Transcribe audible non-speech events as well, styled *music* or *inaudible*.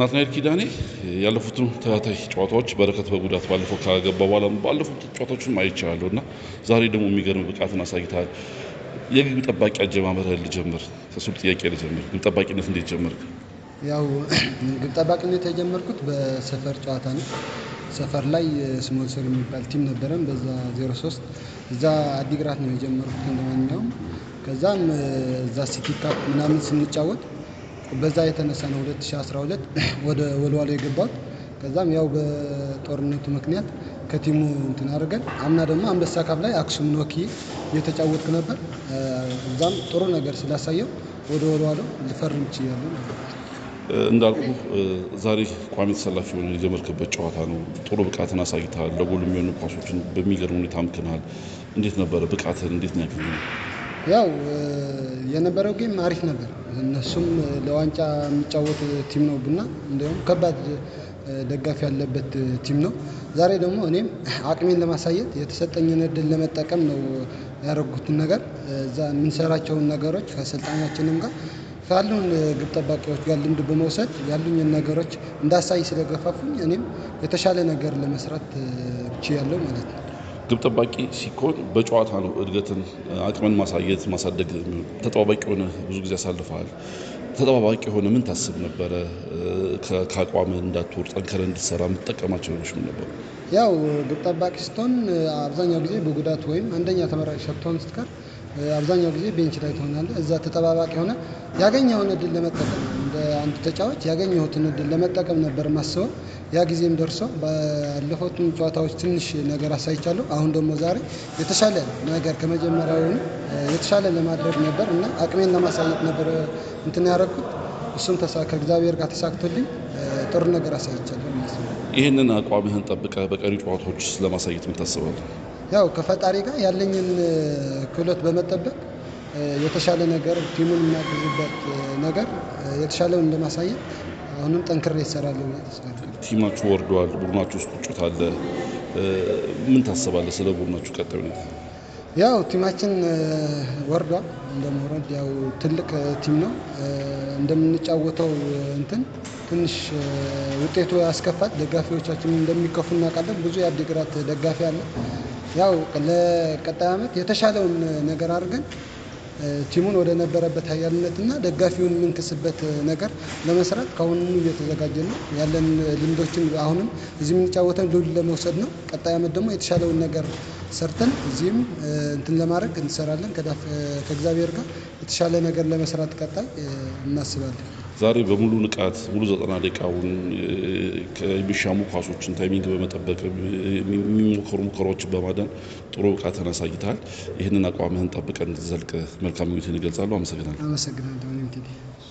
ናትናኤል ኪዳኔ ያለፉትን ተከታታይ ጨዋታዎች በረከት በጉዳት ባለፈው ካገባ በኋላ ባለፉት ጨዋታዎችም አይቻለሁ እና ዛሬ ደግሞ የሚገርም ብቃትን አሳይተሃል። የግብ ጠባቂ አጀማመር ልጀምር፣ ከሱም ጥያቄ ልጀምር። ግብ ጠባቂነት እንዴት ጀመር? ያው *clears throat* ግብ ጠባቂነት የጀመርኩት በሰፈር ጨዋታ ነው። ሰፈር ላይ ስሞንሰር የሚባል ቲም ነበረን፣ በዛ 03 እዛ አዲግራት ነው የጀመርኩት እንደማንኛውም። ከዛም እዛ ሲቲ ካፕ ምናምን ስንጫወት በዛ የተነሳ ነው 2012 ወደ ወልዋሎ የገባሁት። ከዛም ያው በጦርነቱ ምክንያት ከቲሙ እንትን አድርገን አምና ደግሞ አንበሳ ካፕ ላይ አክሱም ኖኪ እየተጫወትኩ ነበር። እዛም ጥሩ ነገር ስላሳየው ወደ ወልዋሎ ልፈርም ችያለሁ እንዳልኩ ዛሬ ቋሚ ተሰላፊ ሆነ የጀመርክበት ጨዋታ ነው። ጥሩ ብቃትን አሳይተሃል። ለጎል የሚሆኑ ኳሶችን በሚገርም ሁኔታ አምክንሃል። እንዴት ነበረ ብቃትን እንዴት ነው ያገኘ ያው የነበረው ጌም አሪፍ ነበር። እነሱም ለዋንጫ የሚጫወት ቲም ነው ቡና እንዲሁም ከባድ ደጋፊ ያለበት ቲም ነው። ዛሬ ደግሞ እኔም አቅሜን ለማሳየት የተሰጠኝን እድል ለመጠቀም ነው ያደረጉትን ነገር እዛ የምንሰራቸውን ነገሮች ከአሰልጣኛችንም ጋር ካሉን ግብ ጠባቂዎች ጋር ልምድ በመውሰድ ያሉኝን ነገሮች እንዳሳይ ስለገፋፉኝ እኔም የተሻለ ነገር ለመስራት ችያለሁ ማለት ነው ግብ ጠባቂ ሲኮን በጨዋታ ነው እድገትን፣ አቅምን ማሳየት ማሳደግ። ተጠባባቂ የሆነ ብዙ ጊዜ ያሳልፈሃል። ተጠባባቂ የሆነ ምን ታስብ ነበረ? ከአቋም እንዳትወር ጠንከረ እንድትሰራ የምትጠቀማቸው ነገሮች ምን ነበሩ? ያው ግብ ጠባቂ ስትሆን አብዛኛው ጊዜ በጉዳት ወይም አንደኛ ተመራጭ ሸብተውን ስትቀር አብዛኛው ጊዜ ቤንች ላይ ትሆናለህ። እዛ ተጠባባቂ ሆነ ያገኘውን እድል ለመጠቀም በአንድ ተጫዋች ያገኘሁትን እድል ለመጠቀም ነበር ማስበው ያ ጊዜም ደርሶ ባለፉትን ጨዋታዎች ትንሽ ነገር አሳይቻለሁ። አሁን ደግሞ ዛሬ የተሻለ ነገር ከመጀመሪያውኑ የተሻለ ለማድረግ ነበር እና አቅሜን ለማሳየት ነበር እንትን ያደረኩት። እሱም ከእግዚአብሔር ጋር ተሳክቶልኝ ጥሩ ነገር አሳይቻለሁ ማለት ነው። ይህንን አቋምህን ጠብቀህ በቀሪ ጨዋታዎች ለማሳየት የምታስበው ያው ከፈጣሪ ጋር ያለኝን ክህሎት በመጠበቅ የተሻለ ነገር ቲሙን የሚያግዝበት ነገር የተሻለውን እንደማሳየት አሁንም ጠንክሬ ይሰራለሁ። ቲማችሁ ወርደዋል፣ ቡድናችሁ ውስጥ ቁጭት አለ። ምን ታስባለህ ስለ ቡድናችሁ ቀጣይ ሁኔታ? ያው ቲማችን ወርዷል። እንደመውረድ ያው ትልቅ ቲም ነው። እንደምንጫወተው እንትን ትንሽ ውጤቱ ያስከፋል። ደጋፊዎቻችን እንደሚከፉ እናውቃለን። ብዙ የአዲግራት ደጋፊ አለ። ያው ለቀጣይ ዓመት የተሻለውን ነገር አድርገን ቲሙን ወደ ነበረበት ሀያልነትና ደጋፊውን የምንክስበት ነገር ለመስራት ከአሁኑ እየተዘጋጀ ነው። ያለን ልምዶችን አሁንም እዚህ የምንጫወተን ልውል ለመውሰድ ነው። ቀጣይ አመት ደግሞ የተሻለውን ነገር ሰርተን እዚህም እንትን ለማድረግ እንሰራለን። ከእግዚአብሔር ጋር የተሻለ ነገር ለመስራት ቀጣይ እናስባለን። ዛሬ በሙሉ ንቃት ሙሉ ዘጠና ደቂቃውን የሚሻሙ ኳሶችን ታይሚንግ በመጠበቅ የሚሞከሩ ሙከራዎችን በማደን ጥሩ ብቃትን አሳይተሃል። ይህንን አቋምህን ጠብቀን እንድትዘልቅ መልካም ምኞቴን ይገልጻሉ። አመሰግናለሁ። አመሰግናለሁ።